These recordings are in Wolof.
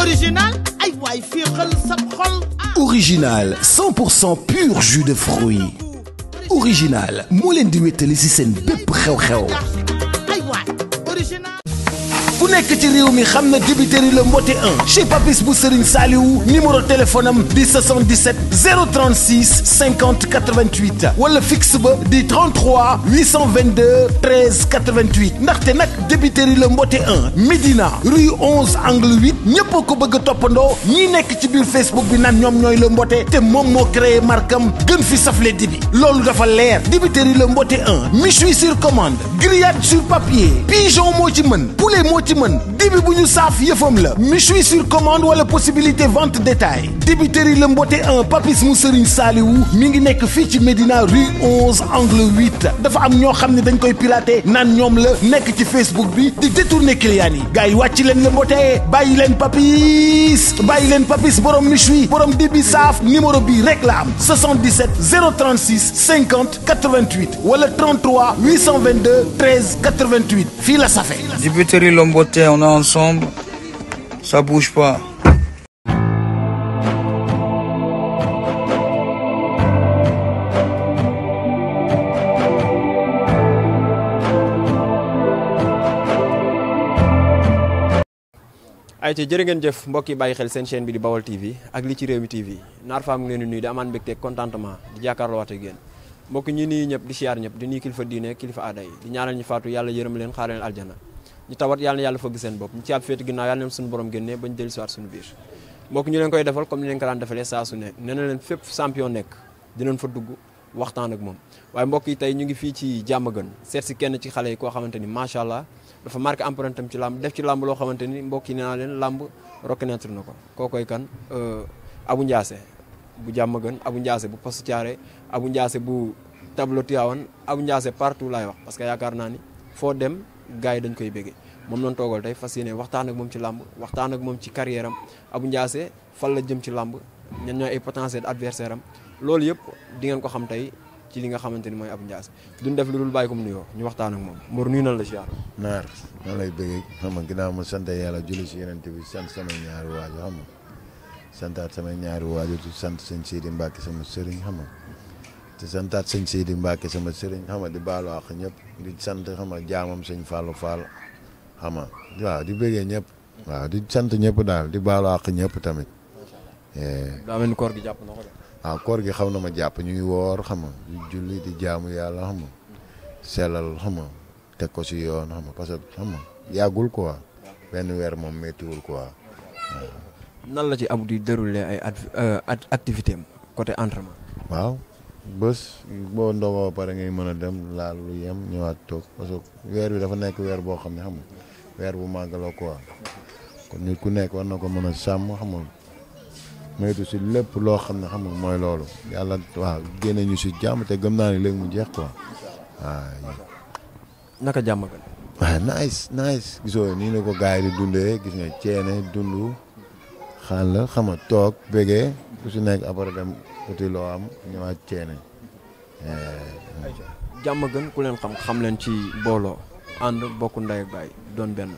original ay waay fii pur jus de fruits original moo leen di wéttali ci seen bépp ku nekk ci réew mi xam na débiteri le mbote 1 chez Papis bu Serigne Saliou numéro téléphone am di 77 036 50 88 wala fixe ba di 33 822 13 88 ndaxte nag débiteri le mbote 1 Médina rue 11 angle 8 ñëpp a ko bëgg a toppandoo ñi nekk ci biir Facebook bi naan ñoom ñooy le mbote te moom moo créé markam gën fi safle dibi loolu dafa leer débiteri le mbote 1 méchoui sur commande grillade sur papier pigeon moo ci mën poulet moo ci ci mën dibi bu ñu saaf yëfam la méchoui sur commande wala possibilité vente détail débiteri la mbote un papis mu sëriñ saaliwu mi ngi nekk fii ci Médina rue 11 angle 8 dafa am ñoo xam ne dañ koy piraté naan ñoom la nekk ci Facebook bi di détourner clients yi gars yi wàcc leen la mbote bàyyi leen papis bàyyi leen papis borom méchoui borom dibi saaf numéro bi rek la am 77 036 50 88 wala 33 822 13 88 fii la safe beauté, on est ensemble. Ça bouge pas. ayca jërë ngeen jëf mbokk yi bàyyi xel seen chaîne bi di Bawal TV ak li ci réew mi TV naar faam ngi leen di nuyu di amaan mbégte contentement di jàkkaarloowaat ak yéen mbokk ñi nuyu ñëpp di siyaar ñëpp di nuyu kilifa diine kilifa aada yi di ñaanal ñu faatu yàlla yërëm leen xaaral aljana ñu tawat yàlla na yàlla fëgg seen bopp ñu ci ab féete ginnaaw yàlla na suñu borom génnee bañ dellu siwaat suñu biir mbokk ñu leen koy defal comme ni leen ko daan defalee saa su ne nee na leen fépp champion nekk dinañ fa dugg waxtaan ak moom waaye mbokk yi tey ñu ngi fii ci Diamaguène seet si kenn ci xale yi koo xamante ni macha allah dafa marqué empreinte tam ci làmb def ci làmb loo xamante ni mbokk yi nee naa leen làmb reconnaître na ko koo koy kan euh, abu Ndiassé bu Diamaguène Abou Ndiassé bu poste Thiaré Abou Ndiassé bu tableau Tivaouane Abou Ndiassé partout laay wax parce que yaakaar naa ni foo dem gars yi dañ koy béggee moom noonu toogal tey fas yéene waxtaan ak moom ci làmb waxtaan ak moom ci carrière am Abou Ndiassé fan la jëm ci làmb ñan ñooy ay potentiel adversaire am loolu yëpp di ngeen ko xam tey ci li nga xamante ni mooy Abou Ndiassé duñ def lu dul bàyyi ko mu nuyoo ñu waxtaan ak moom Mor nuyu nan la si yàlla. Naar nan lay bëggee xam nga ginnaaw ma sant yàlla julli si yeneen bi sama ñaari waajur xam nga santaat sama ñaari waajur sant sëñ Sidi Mbacke sama sëriñ xam nga di santaat sëñ Seydi Mbacke sama sëriñ xam nga di baalu àq ñëpp di sant xam nga jaamam sëñ Fallou Fall xam nga waaw di bëggee ñëpp. waaw di sant ñëpp daal di baalu àq ñëpp tamit. Eh. daa mel koor gi jàpp na ah, gi xaw na ma jàpp ñuy woor xam nga di julli di jaamu yàlla xam nga sellal xam nga teg ko si yoon xam nga parce que xam nga yàggul benn weer moom méttiwul quoi waaw. nan la ci am di dérouler ay euh, activité am côté entraînement. waaw. bés boo ndogoo ba pare ngay mën a dem laal lu yem ñëwaat toog parce weer bi dafa nekk weer boo xam ne xam weer bu màgg la quoi kon nit ku nekk war na ko mën a sàmm xam nga moytu si lépp loo xam ne xam mooy loolu yàlla waaw génne ñu si jàmm te gëm naa ni léegi mu jeex quoi waaw. jàmm gan. waaw nice nice gisoo nii la ko gars di dundee gis nga ceene dund xaal la xam nga toog bégee. ku si nekk après dem uti loo am ñëwaat ceene. Eh, jàmm gën ku leen xam xam leen ci mbooloo ànd bokk ndey ak baay doon benn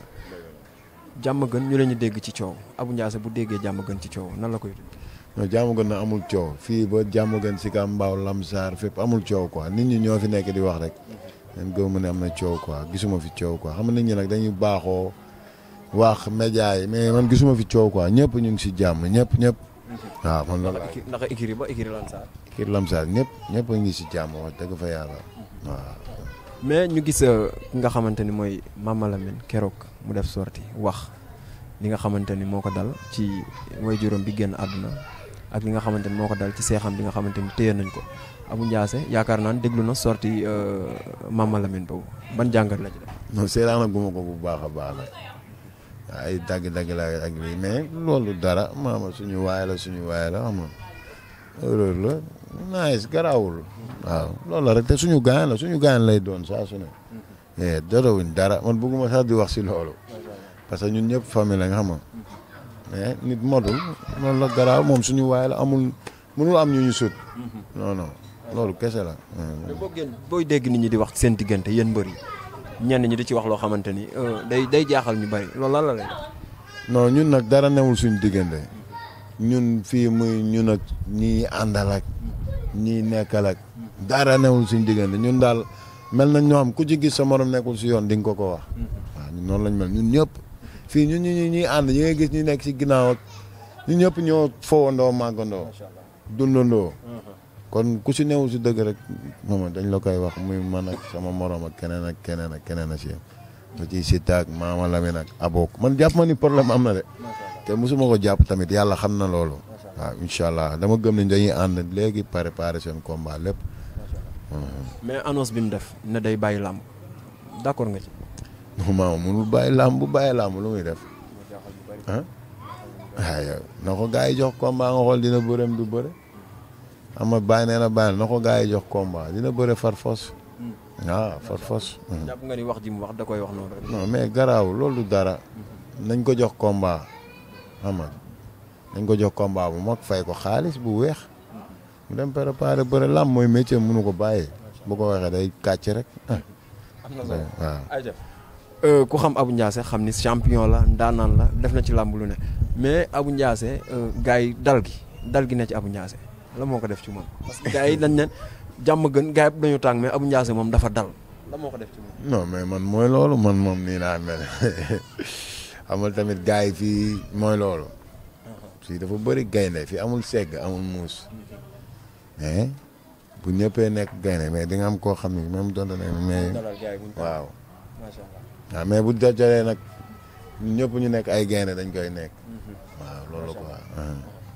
jàmm gën ñu lañu dégg ci coow Abou Ndiassé bu déggee jàmm gën ci coow nan la koy. non jàmm gën na amul coow fii ba jàmm gën si ka mbaaw lamsaar fépp amul coow quoi nit ñi ñoo fi nekk di wax rek. leen gëw ma ne am na coow ko gisuma fi coow quoi xam nga nit ñi nag dañu baaxoo wax média yi mais man gisuma fi coow quoi ñëpp ñu ngi si jàmm ñëpp ñëpp. waaw man loolu laay ndax Ikiri ba Ikiri Lamsaar. Ikiri Lamsaar ñëpp ñëpp a ngi si jàmm wax dëgg fa yàlla waaw. mais ñu gis euh, ki nga xamante ni mooy Mama keroog mu def sorti wax li nga xamante ni moo ko dal ci mooy juróom bi génn àdduna ak li nga xamante ni moo ko dal ci seexam bi nga xamante ni téye nañ ko Abou Ndiassé yaakaar naa ne déglu na sorti euh, Mama Lamine boobu ban jàngat la ci def. non seetaan na guma ko bu baax a baax nag. ay dagg-dagg la ak mais loolu dara maama suñu waay la suñu waay la xam nga loolu la nice garaawul waaw loolu la rek te suñu gaan la suñu gaan lay doon saa su ne eh, dorawuñ dara man bëgguma sax di wax si loolu parce que ñun ñëpp famille la nga xam mais nit modul loolu la garaaw moom suñu waay la amul mënul am ñu ñu sut non loolu kese la boo booy dégg nit ñi di wax seen diggante yéen mbër yi ñenn ñi di ci wax loo xamante ni euh, day day jaaxal ñu bari loolu la lay non ñun nag dara newul suñu diggante ñun fii muy ñun ak ñiy àndal ak ñiy nekkal ak dara newul suñu diggante ñun daal mel nañ ñoo xam ku ci gis sa morom nekkul si yoon di nga ko ko wax. waaw ñun lañ mel ñun ñëpp fii ñun ñu ñuy ànd ñi ngay gis ñu nekk si ginnaaw ak ñëpp ñoo fowandoo màggandoo dundandoo. Uh-huh. kon ku si newu si dëgg rek moom dañ la koy wax muy man ak sama morom ak keneen ak keneen ak keneen a si yem. ba ci Siteu ak Maama Lamine ak Abok man jàpp ma ni problème am na de. te mosuma ko jàpp tamit yàlla xam na loolu. waaw incha allah dama gëm ne dañuy ànd léegi préparer seen combat lépp. mais annonce bi mu def ne day bàyyi làmb d'accord nga ci. non maama mënul bàyyi làmb bu bàyyi làmb lu muy def. ah. waaw na ko gars yi jox combat nga xool dina bëreem du bëre. ama bàyyi nee na bàyyi na ko gaa yi jox combat dina bëre farfos. waaw hmm. ah, farfos. Hmm. jàpp nga ni wax ji mu wax da koy wax noonu rek. mais garaaw loolu dara. Hmm. nañ ko jox combat xam nga nañ ko jox combat bu mag fay ko xaalis bu weex. mu dem préparer bëre làmb mooy métier mënu ko bàyyi. bu ko waxee day kàcc rek. am na solo euh, ku xam abu Ndiassé xam ni champion la ndaanaan la def na ci làmb ne mais Abou Ndiassé euh, gars yi dal gi dal gi ne ci abu Ndiassé. la moo ko def ci moom. parce que gars yi dañ ne jàmm gën gars yi dañu tàng mais Abou Ndiassé moom dafa dal la moo ko def mais man mooy loolu man moom nii laa mel amul tamit gars yi fii mooy loolu. fii dafa bëri gaynde fii amul segg amul muus. mais bu ñëppee nekk gaynde mais di nga am koo xam ne même donte ne mais waaw. macha allah waaw ah, mais bu dajalee nag ñëpp ñu nekk ay gaynde dañ koy nekk. Mhm. waaw loolu quoi.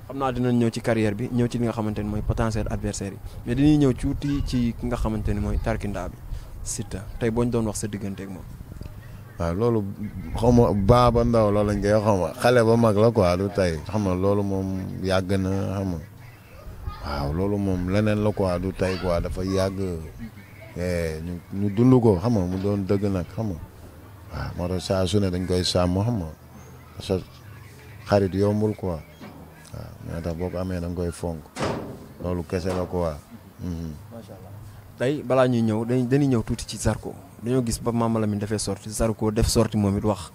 xam naa dinañ ñëw ci carrière bi ñëw ci li nga xamante ni mooy potentiel adversaire yi mais dañuy ñëw tuuti ci ki nga xamante ni mooy tarkindaa bi Siteu tey boo ñu doon wax sa digganteeg moom. waaw loolu xaw ma baa ba ndaw loolu lañ koy xaw ma xale ba mag la quoi du tey xam nga loolu moom yàgg na xam loolu moom leneen la quoi du tey quoi dafa yàgg eh, ñu ñu dund ko xam mu doon dëgg nag xam nga waaw moo tax saa su dañ koy sàmm xam nga xarit yombul quoi. moo tax boo ko amee da nga koy fonk loolu kese la quoi. Mhm. macha allah tey balaa ñuy ñëw dañuy dañuy ñëw tuuti ci Zarko dañoo gis ba Mama Lamine dafee sorti Zarko def sorti moom it wax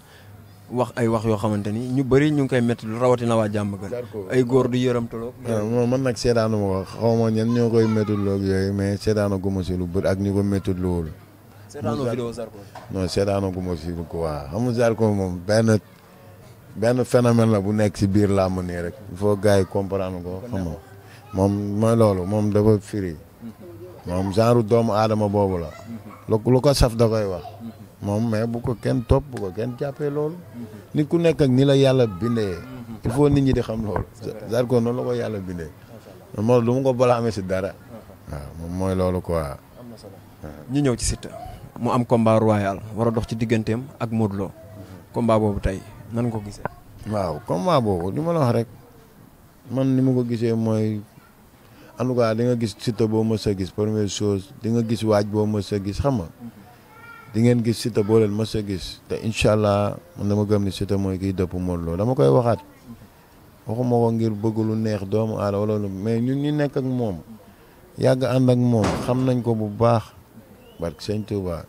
wax ay wax yoo xamante ni ñu bëri ñu ngi koy métti rawatina waa jàmm gën ay góor du yëramtaloo. Ah, moom man nag seedaanu ma ko xaw ma ñenn ñoo koy méttiwuloo ak yooyu mais seedaanu gu si lu bëri ak ñu ko méttiwuloo. seedaanu vidéo Zarko. non seedaanu gu ma si lu ko waa xam Zarko moom benn phénomène la bu nekk si biir làmb nii rek il faut gars yi comprendre ko xam nga moom mooy loolu moom dafa firi moom genre doomu aadama boobu la lu ko saf da koy wax moom mais bu ko kenn topp bu ko kenn jàppee loolu nit ku nekk ak ni la yàlla bindee il faut nit ñi di xam loolu Zarko noonu la ko yàlla bindee moo lu ko bala amee si dara waaw moom mooy loolu quoi ñu ñëw ci Siteu mu am combat royal war a dox ci digganteem ak Modou Lo combat tey nan ko gisee. waaw combat boobu li ma la wax rek man ni ma ko gisee mooy en tout cas nga gis Siteu boo mës a gis première chose di nga gis waaj boo mës a gis xam nga di ngeen gis Siteu boo leen mës gis te incha allah man dama gëm ni Siteu mooy kiy dëpp Modou Lo dama koy waxaat waxuma ko ngir bëgg lu neex doomu aadama wala lu mais ñun ñu nekk ak moom yàgg ànd ak moom xam nañ ko bu baax barke Sëñ Tuubaa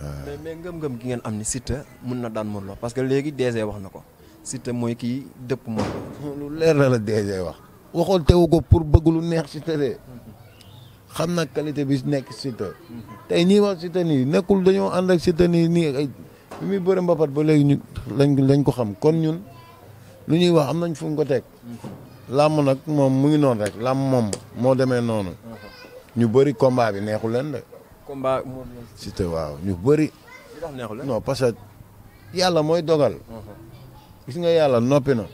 Euh. mais mais ngëm-ngëm gi ngeen am ni Siteu mun na daan Modou Lo parce que léegi DG wax na ko Siteu mooy kii dëpp Modou lu leer na la DG wax. waxoon teewu ko pour bëgg lu neex Siteu de xam nag qualité bi nekk Siteu tey ñii wax Siteu nii nekkul dañoo ànd ak Siteu nii nii ay bi muy bëre mbapat ba léegi ñu lañ lañ ko xam kon ñun lu ñuy wax am nañ fu ñu ko teg làmm nag moom mu ngi noonu rek làmm moom moo demee noonu uh-huh. ñu bëri combat bi neexul leen de. combat Siteu waaw ñu bëri. non parce que yàlla mooy dogal. gis nga yàlla noppi na.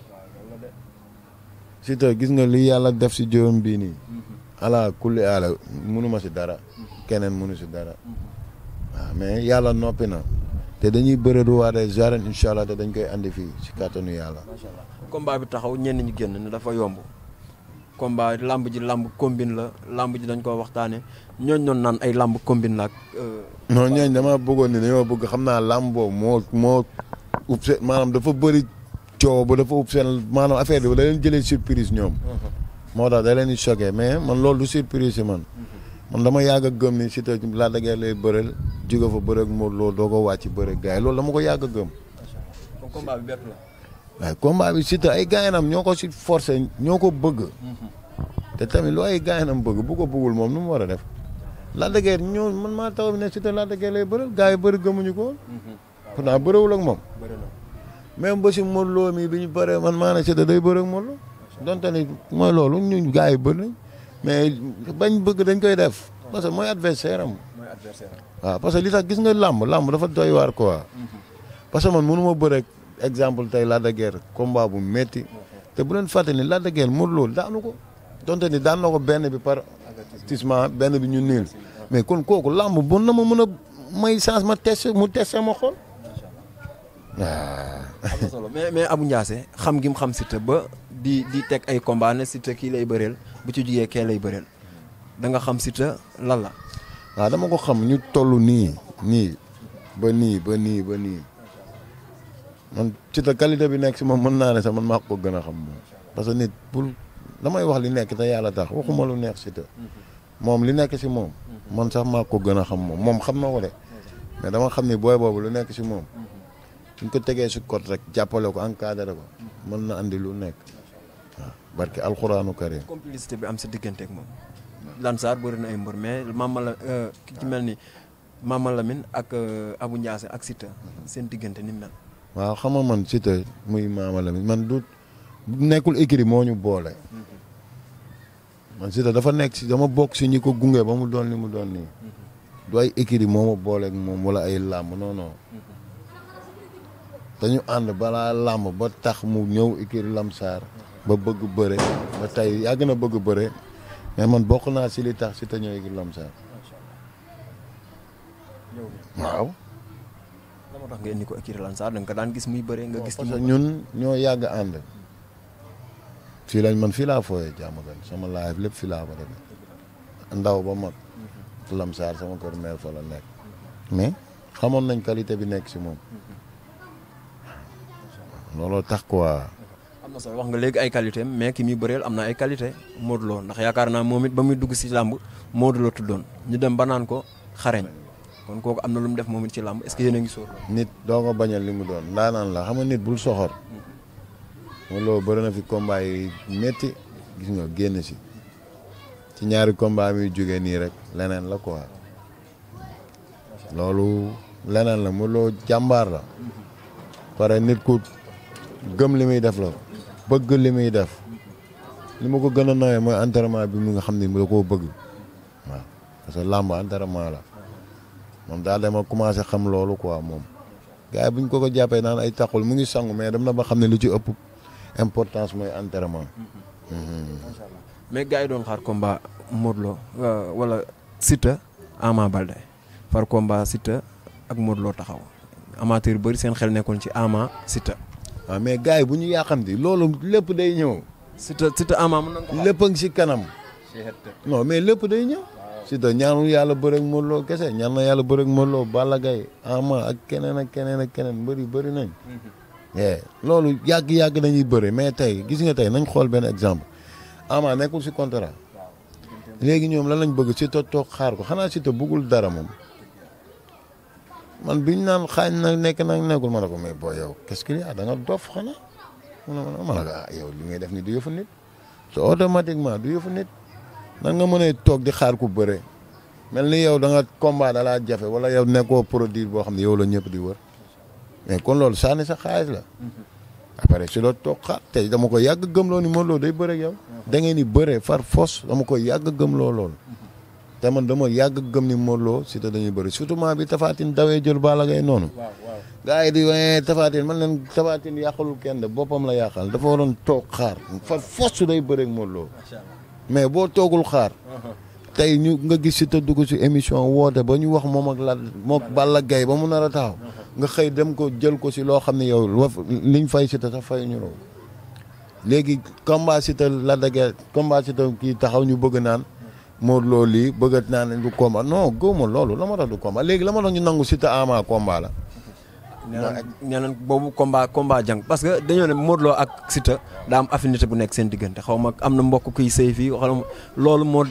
Siteu gis nga li yàlla def si jiwam bii nii. ala kulli ala munu si dara. keneen munu si dara. waaw mais yàlla noppi na. te dañuy bëre du waa des arènes incha te dañ koy andi fii si kàttanu yàlla. macha allah bi taxaw ñenn ñi génn ne dafa yomb. combat làmb ji làmb kombin la làmb ji dañ koo waxtaane ñooñ doon naan ay làmb kombin la ak. Euh, non ñooñ dama bëggoon nii dañoo bëgg xam naa làmb boobu moo moo ub maanaam dafa bëri coow bu dafa ub seen maanaam affaire bi da leen jëlee surprise ñoom. Uh-huh. moo tax da leen di choqué mais man loolu du surprise si man. Uh-huh. man dama yàgg a gëm ni Siteu Lac de Guiers lay bëreel jigo fa bëreeg moo Lo doo ko wàcc bëreeg gars yi loolu dama ko yàgg gëm. waaye combat bi Siteu ay gaañanam ñoo ko si forcé ñoo ko bëgg. Mhm. te tamit lu ay gaañanam bëgg bu ko bëggul moom nu mu war a def. Lac de Guiers ñoo man maa taw bi ne Siteu Lac de Guiers lay bëre gars yi gëmuñu ko woon. Mhm. pourtant bëriwul ak moom. même ba si Modou Lo mii bi ñu bëree man maa ne Siteu day bëre ak Modou Lo. donte mooy loolu ñun gars yi bëri mais bañ bëgg dañ koy def. parce que mooy adversaire waa mooy adversaire li sax gis nga làmb làmb dafa doy waar quoi. Mhm. parce que man mënu moo bëre exemple tey Lac de Guiers combat bu métti te bu leen fàtte ni Lac de Guiers Modou Lo daanu ko donte ni daan na ko benn bi par avertissement benn bi ñu niil mais kon kooku làmb bon na ma mën a may chance ma test mu testé ma xool ah. mais mais Abou Ndiassé xam gi mu xam Siteu ba di di teg ay combat ne Siteu kii lay bëreel bu ci jugee kee lay bëreel da nga xam Siteu lan la. waaw dama ko xam ñu toll nii nii ba nii ba nii ba nii. man ci ta qualité bi nekk si moom mën naa ne sax man maa ko gën a xam moom parce que nit pour damay wax li nekk te yàlla tax waxuma lu neex si moom li nekk si moom man sax maa ko gën a xam moom moom xam na ko mais dama xam ne booy boobu lu nekk si moom suñ ko tegee si kot rek jàppale ko encadré ko mën na andi lu nekk waaw barke alxuraanu karim complicité bi am sa diggante moom Lansar bëri na ay mbër mais ma la euh, ki ci mel ni Mama Lamine ak euh, Abou Ndiassé ak Siteu mm-hmm. seen diggante ni mel waaw xam nga man Siteu muy Mama Lamine man du nekkul écurie moo ñu boole. man Siteu dafa nekk si dama bokk si ñi ko gunge ba mu doon ni mu doon nii. du ay écurie moo ma booleeg moom wala ay làmb non dañu ànd balaa làmb ba tax mu ñëw écurie Lamsaar. ba bëgg bëre ba tey yàgg na bëgg bëre mais man bokk naa si li tax Siteu ñëw écurie Lamsaar. waaw. moo tax nga indi ko écurie Lansar nga ko daan gis muy bëree nga gis. parce ñoo yàgg ànd. lañ man fii laa fooyee jàmm gan lépp fii laa ko mag. Lansar sama nekk. mais xamoon nañ qualité bi nekk si moom. looloo tax quoi. am na solo wax nga léegi ay qualité mais ki muy bëreel am na ay qualité Modou Lo ndax yaakaar naa moom it ba muy dugg si làmb Modou tuddoon ñu dem ba naan ko xareñ. kon kooku am na lu mu def moom it ci làmb est ngi sóor nit doo ko bañal li mu doon ndaanaan la xam nga nit bul soxor loolu bëri na fi combat metti gis nga génn si ci ñaari combat mi jógee nii rek leneen la quoi loolu leneen la mu loo jàmbaar la pare nit ku gëm li muy def la bëgg li muy def li ma ko gën a nawee mooy entraînement bi mu nga xam ne da koo bëgg waaw parce que làmb entraînement la moom daal dama commencé xam loolu quoi moom gars bu ñu ko ko jàppee naan ay taxul mu ngi sangu mais dem na ba xam ne lu ci ëpp importance mooy entraînement. macha allah yi doon xar combat Modou Lo euh, wala Siteu Ama Baldé par combat Siteu ak Modou Lo taxaw amateur bëri seen xel nekkoon ci Ama Siteu. waaw ah, mais gars yi bu ñu di loolu lépp day ñëw. Siteu Siteu Ama mën na ko lépp a si kanam. non mais lépp day ñëw. Siteu ñaanul yàlla bëre ak Modou Lo kese ñaan na yàlla bëre ak Modou Lo Balla Ama ak keneen ak keneen ak keneen mbër yi bëri nañ. Mhm. Eh, loolu yàgg yàgg nañuy bëri mais tey gis nga tey nañ xool benn exemple Ama nekkul si contrat. léegi ñoom lan lañ bëgg Siteu toog xaar ko xanaa Siteu bëggul dara moom. man biñ naan xaañ na nekk nag nekkul ma ne ko mais boo yow qu'est-ce qu'il da nga dof xanaa mu ne ma ah, li ngay def ni du yëfu nit te automatiquement du yëfu nan nga mënee toog di xaar ku bëre mel ni yow da nga combat laa jafe wala yow nekkoo produit boo xam ne yow la ñëpp di wër mais kon loolu sànni sa xaalis la. après si loolu toog xaar tey dama ko yàgg gëm loo ni Modou day bëre ak yow. da ngeen di bëree far fos dama ko yàgg gëm loo lool. te man dama yàgg gëm ni Modou Lo si te dañuy bëri surtout ment bi Tafatine dawee jël baa Gaye noonu. waaw waaw gars yi di waaye eh, Tafatine man leen Tafatine yàqalul kenn de boppam la yàqal dafa toog xaar far fos day bëre ak mais boo toogul xaar. Uh-huh. tey ñu nga gis si te dugg si émission woote ba ñu wax moom ak la moom Balla Gaye ba mu nar a taxaw. Uh-huh. nga xëy dem ko jël ko si loo xam ne yow liñ fay si te sax fay ñu lool. léegi combat si te la dagee combat kii taxaw ñu bëgg naan. moo loolu lii bëgg naan ne du combat non góob ma loolu la ma tax du combat léegi la ma doon ñu nangu si te ama combat la. nee nañ boobu combat combat jàng parce que dañoo ne Modou Lo ak Siteu daa am affinité bu nekk seen diggante xaw ma am na mbokk kuy sëy fii xaw loolu moo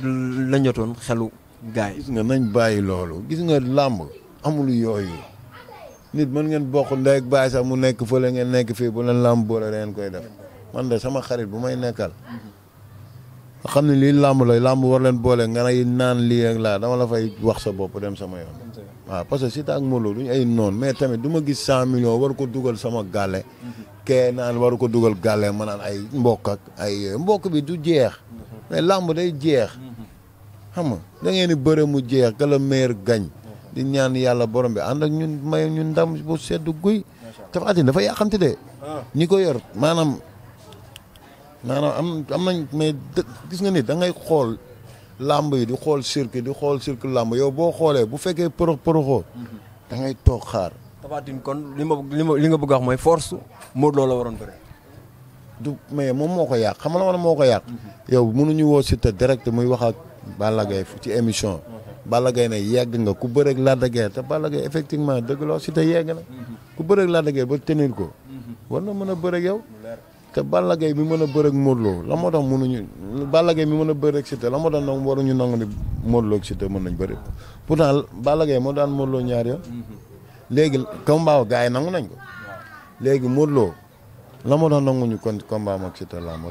la ñotoon xelu gaay gis nga nañ bàyyi loolu gis nga làmb amul yooyu nit man ngeen bokk ndey ak sax mu nekk fële ngeen nekk fii bu leen làmb boole ngeen koy def man de sama xarit bu may nekkal xam ne lii làmb la làmb war leen boole nga ne naan lii ak laa dama la fay wax sa bopp dem sama yoon waaw parce que Siteu ak Modou Lô duñu ay tamit du ma gis cent millions war ko dugal sama gale kee war ko dugal gàlle ma ay mbokk ak ay mbokk bi du jeex mais làmb day jeex xam dangeen da ngeen di bëre mu jeex ka la meilleur gañ di ñaan yàlla borom bi ànd ak ñun may ñun ndam bu sedd guy Tapha dafa yàqamte de ñi ko yor maanaam maanaam am am nañ gis nga ni da xool làmb yi di xool cirque di xool cirque làmb yow boo xoolee bu fekkee porox poroxoo mhm. da ngay toog xaar. Tapha Tine kon li ma li nga bëgg a wax mooy force moo Lo la waroon bëre. du mais moom moo ko yàq xam la nga moo ko yàq. Mhm. yow ñuy woo Siteu direct muy wax ak Balla Gaye ci émission. Mhm. Balla Gaye ne yegg nga ku bëreeg Lac de Guiers te Balla effectivement dëgg la Siteu yegg na. ku bëreeg Lac de Guiers ba tenir ko. war na mën a bëreeg yow. te Balla Gaye mi mën a bëre ak Modou Lo la moo tax mënuñu Balla mi man a bëre ak Siteu la moo tax nangu waruñu nangu ni Modou Lo ak Siteu mën nañ bëre pourtant Balla Gaye moo daan Modou Lo ñaar yoon léegi combat gars nangu nañ ko léegi Modou Lo la moo tax nanguñu kon combat ak Siteu làmb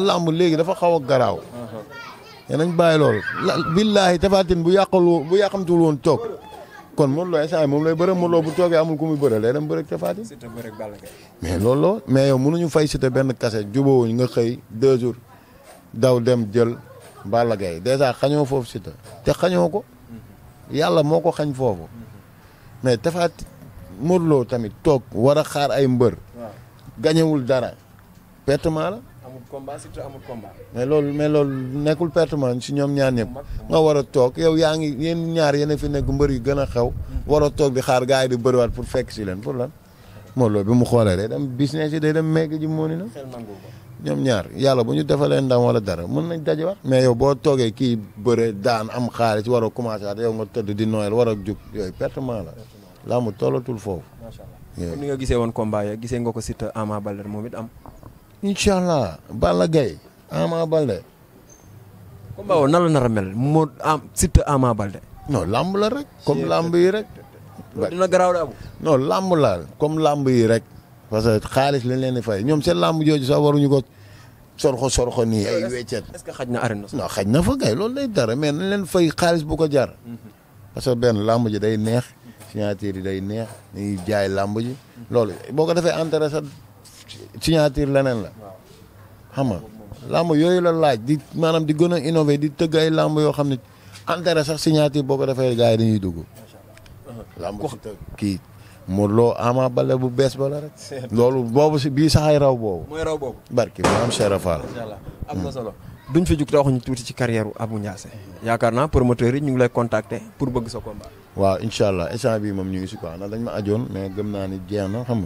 la léegi dafa xaw a garaaw. te uh-huh. nañ bàyyi loolu. la billaahi Tapha Tine bu yàqaloo bu yàqamtul woon toog. kon Modou Lo moom lay bëre Modou Lo bu toogee amul ku muy bëre lay dem bëre Tapha Tine mais loolu la mais yow mënuñu fay Siteu benn kase jubóowuñ nga xëy deux jours daw dem jël Balla Gaye dèjà xañoo foofu Siteu te xañoo ko mhm. yàlla moo ko xañ foofu mhm. mais tefaat Modou tamit toog war a xaar ay mbër gañewul dara pertement la amul combat surtout amul combat. mais loolu mais loolu nekkul pertement si ñoom ñaar ñëpp. nga war a toog yow yaa ngi yéen ñaar yéen fi nekk mbër yi gën a xew. war a toog di xaar gars yi di bëriwaat pour fekk si leen pour lan. moo loolu bi mu xoolee day dem business yi day dem meeg ji moo ni na ñoom ñaar yàlla bu ñu defalee ndam wala dara mën nañ wax mais yow boo toogee kii bëre daan am xaalis war a commencé at yow nga tëdd di noyal war a jug yooyu pertement la. laa mu tollatul foofu. macha allah ni nga gisee woon combat ya gisee nga ko Siteu Ama Baldé incha allah Balla Gaye Ama Balde. combat woowu nan la nar a mel moo am Siteu Ama Balde. non làmb la rek. comme làmb yi rek. dina garaaw la am. non làmb la comme làmb yi rek. parce que xaalis lañ leen di fay ñoom seen làmb jooju sa waruñu ko sorxo sorxo nii ay weccet. est que xaj na arène non na fa kay loolu lay dara mais nañ leen fay xaalis bu ko jar. Mhm. parce que benn làmb ji day neex. signature yi day neex ñuy jaay làmb ji. loolu boo ko defee intérêt signature leneen la xam nga làmb yooyu la laaj di maanaam di gën a innové di tëgg ay làmb yoo xam ne intérêt sax signature boo ko defee gars yi dañuy dugg làmb si kii Modou loo Ama bale bu bees ba la rek loolu boobu si bii sax ay raw boobu raw boobu barki maam Cheikh Rafal am na hmm. solo duñ fi jug te ñu tuuti ci carrière Abou Ndiassé yaakaar naa promoteur yi ñu ngi lay contacter pour bëgg sa combat waaw incha allah instant bii moom ñu ngi si quoi ndax dañ ma ajoon mais gëm naa ni jeex na xam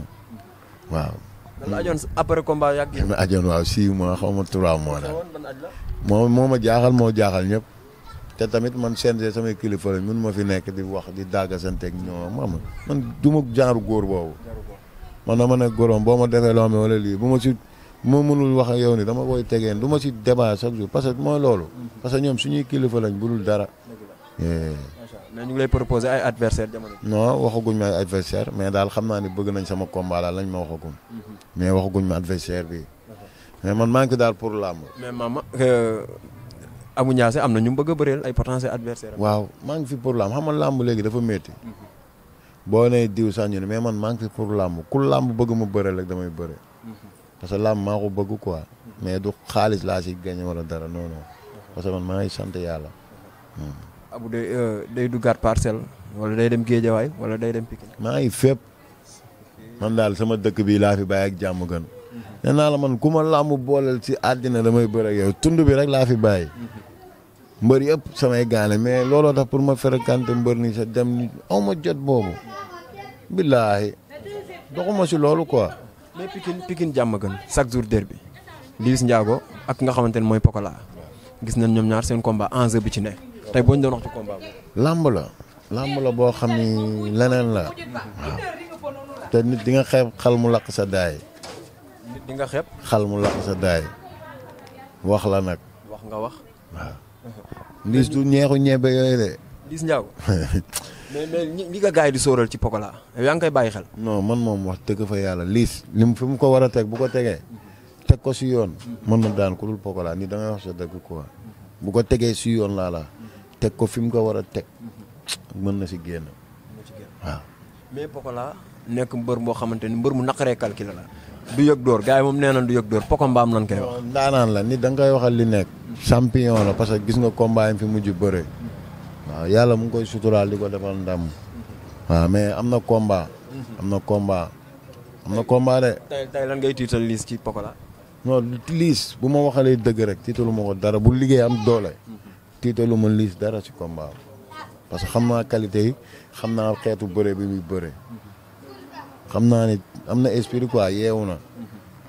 waaw lan la ajoon après combat yàgg. dama ajoon waaw 6 mois xaw ma 3 mois la. moo moo ma jaaxal moo jaaxal ñëpp. te tamit man CNG samay kilifa lañ mun ma fi nekk di wax di dàggasanteeg ñoom xam man du ma genre góor boobu. man dama ne góoram boo ma defee loo xam wala lii bu ma si ma mënul wax ak yow ni dama koy tegeen du ma si débat chaque jour parce que mooy loolu. Mhm. parce que ñoom suñuy kilifa lañ budul dara. macha ñu ngi lay proposer ay adversaire jamono non waxaguñ ma ay adversaire mais daal xam naa ni bëgg nañ sama combat daal lañ ma waxagum. Mhm. mais waxaguñ ma adversaire bi. mais man maa ngi daal pour làmb. mais maama euh, Abou Ndiassé am na ñu bëgg a bëreel ay potentiel adversaire waaw maa ngi fi pour làmb xam nga làmb léegi dafa métti. Mhm. boo nee diw sax ñu mais man maa ngi fi pour làmb ku làmb bëgg ma bëreel rek damay bëre. Mhm. parce que làmb maa ko bëgg quoi. mais du xaalis laa si gagné wala dara noonu parce que man maa ngi sant yàlla. Hmm. abu ah, day euh, day duggaat parcelle wala day dem géejawaay wala day dem Pikine. maa ngi fépp man daal sama dëkk bi laa fi bàyyi ak jàmm gën. nee naa la man ku ma làmb booleel ci àddina damay bëre ak yow tund bi rek laa fi bàyyi. mbër yëpp samay gaane mais looloo tax pour ma fréquenté mbër ni sa dem ni aw jot boobu. billaahi doxuma si loolu quoi. mais Pikine Pikine jàmm gën chaque jour derby bi. Liss Ndiago ak nga xamante ne mooy Pokola. gis nañ ñoom ñaar seen combat enjeu bi ci ne. teg boo ñu doon wax ci combat bi. làmb la. la boo xam ni leneen la. waaw te nit di nga xeeb xal mu lakk sa daay. nga xeeb. xal mu lakk sa wax la nag. wax nga wax. waaw. Liss du ñeexu ñebe yooyu de. Liss nga gars yi di sóoral ci Pokola yaa ngi koy bàyyi xel. non man moom wax dëgg fa yàlla Liss. lim fi mu ko war a teg bu ko tegee. teg ko si yoon. mën na daan ku dul laa ni da ngay wax sa dëgg quoi. bu ko tegee si yoon laa la. teg ko fi mu ko war a teg mën na si génn. waaw. mais Pokola nekk mbër moo xamante ni mbër mu naqaree calculé la. du yëg door gars moom nee na du yëg door Poko mbaam lan koy wax. ndaanaan la ni da nga koy waxal li nekk. champion la parce que gis nga combat yi fi mujj bëre. waaw yàlla mu ngi koy suturaal di ko defal ndam. waaw mais am na combat. am na combat. am na de. tey tey lan ngay tiital liis ci Pokola. non liis bu ma waxalee dëgg rek tiitalu ma ko dara bu liggéey am doole. tiitalu ma liis dara ci combat parce que xam naa qualité yi xam naa xeetu bëre bi muy bëre xam naa ni am na esprit quoi yeewu na.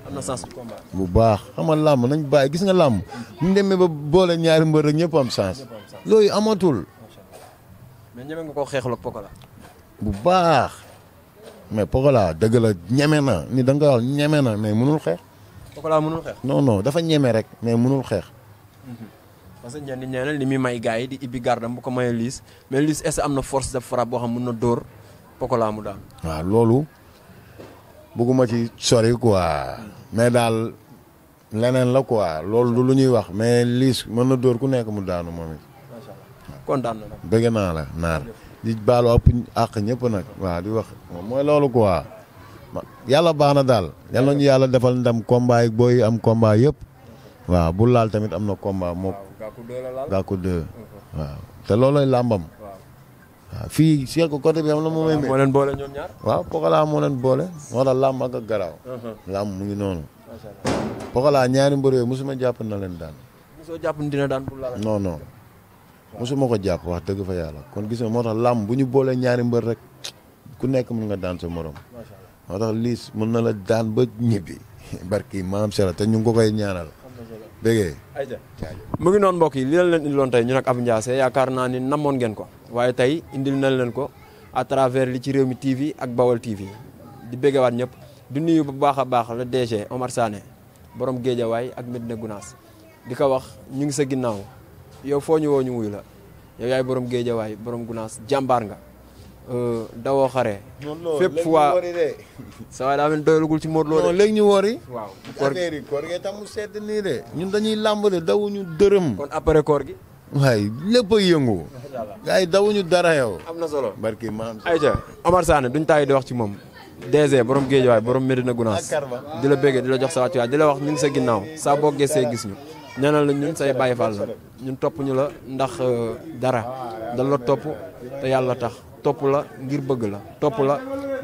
am na sens bu baax xam nga làmb nañ baax gis nga làmb mu demee ba boole ñaari mbër rek ñëpp am sens. loolu amatul. mais ñeme dëgg la ñeme na ni da wax ñeme na mais mënul xeex. Pokola mënul xeex. dafa ñeme rek mais mënul xeex. Mhm. parce que li muy may gars yi di ibbi gardam bu ko mayee liis mais liis am na force de frappe boo xam mun na dóor mu daal. waaw loolu ci sori quoi mais daal leneen la quoi loolu lu ñuy wax mais liis mën na dóor ku nekk mu daanu moom it. macha bëgg naa la naar di baalu àq ñëpp nag waa di wax mooy loolu quoi. yàlla baax na daal yal ñu yàlla defal ndam combat yi booy am combat yëpp waaw bu laal tamit am na combat moo gàkku deux uh-huh. waaw te loolooy làmbam fii si ko côté bi am na mu may moo leen waaw Pokola moo leen boole moo tax làmb ak ak garaaw uh-huh. làmb mu ngi noonu Pokola ñaari mbër yooyu mosuma jàpp na leen daan mosoo jàpp ni ko jàpp wax dëgg fa yàlla kon gis nga moo tax làmb bu ñu boolee ñaari mbër rek ku nekk mën nga daan sa morom moo tax liis mën na la daan ba ñibbi barki maam sera te ñu ngi koy ñaanal bëggee ngi noonu mbokk yi li leen leen indiloon tey ñun ak Abou Ndiassé yaakaar naa ni namoon ngeen ko waaye tey indil nañ leen ko à travers li ci réew mi TV ak Bawal TV di bëggewaat ñëpp di nuyu bu baax a baax la DG Omar Sané borom Géejawaay ak Medina Gunaas di ko wax ñu ngi sa ginnaaw yow foo ñu woo ñu wuyu la yow yaay borom waay borom Gunaas jàmbaar nga Euh, dawoo xare. fépp fu waa sa waay daa ci Modou Lo ñu woori. waaw affaire yi koor gi tam mu sedd nii de. ñun dañuy làmb de dawuñu dërëm. kon après koor gi. waaye lépp a yëngu. yi dara yow. am na solo barki maam. ayca Omar Sané duñ taay di wax ci moom. DG borom géej Géejawaay borom Medina Gounass di la bëggee di la jox sa wàccuwaay di la wax ñu ngi sa ginnaaw saa boo gisee gis ñu. ñaanal la ñun say bay faal la ñun topp ñu la ndax euh, dara da la topp te yàlla tax. topp la ngir bëgg la topp la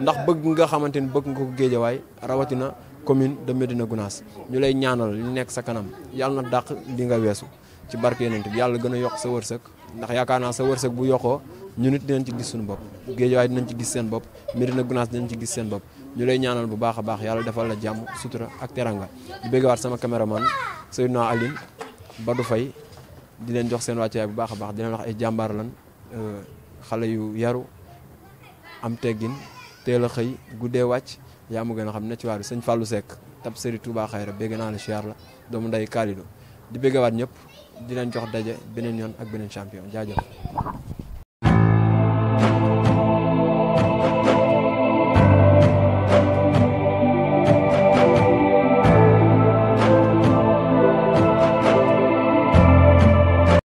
ndax bëgg nga xamante ni bëgg nga ko géejawaay rawatina commune de Médina Gounass ñu lay ñaanal li nekk sa kanam yàlla na dàq di nga weesu ci barke yonent bi yàlla gën a yokk sa wërsëg ndax yaakaar naa sa wërsëg bu yokkoo ñu nit dinañ ci gis suñu bopp géejawaay dinañ ci gis seen bopp Médina Gounass dinañ ci gis seen bopp ñu lay ñaanal bu baax a baax yàlla defal la jàmm sutura ak teranga di béggawaat sama caméraman Seydina Aline Badou Faye di leen jox seen wàccuwaay bu baax a baax di wax ay jàmbaar lan euh, xale yu yaru am teggin teel a xëy guddee wàcc yaa ma gën a xam ne ci waar bi sëñ Fallou Seck tab sëri Touba Xayra bégg naa la siyaar la doomu nday Kalidou di béggewaat ñëpp di leen jox daje beneen yoon ak beneen champion jaajëf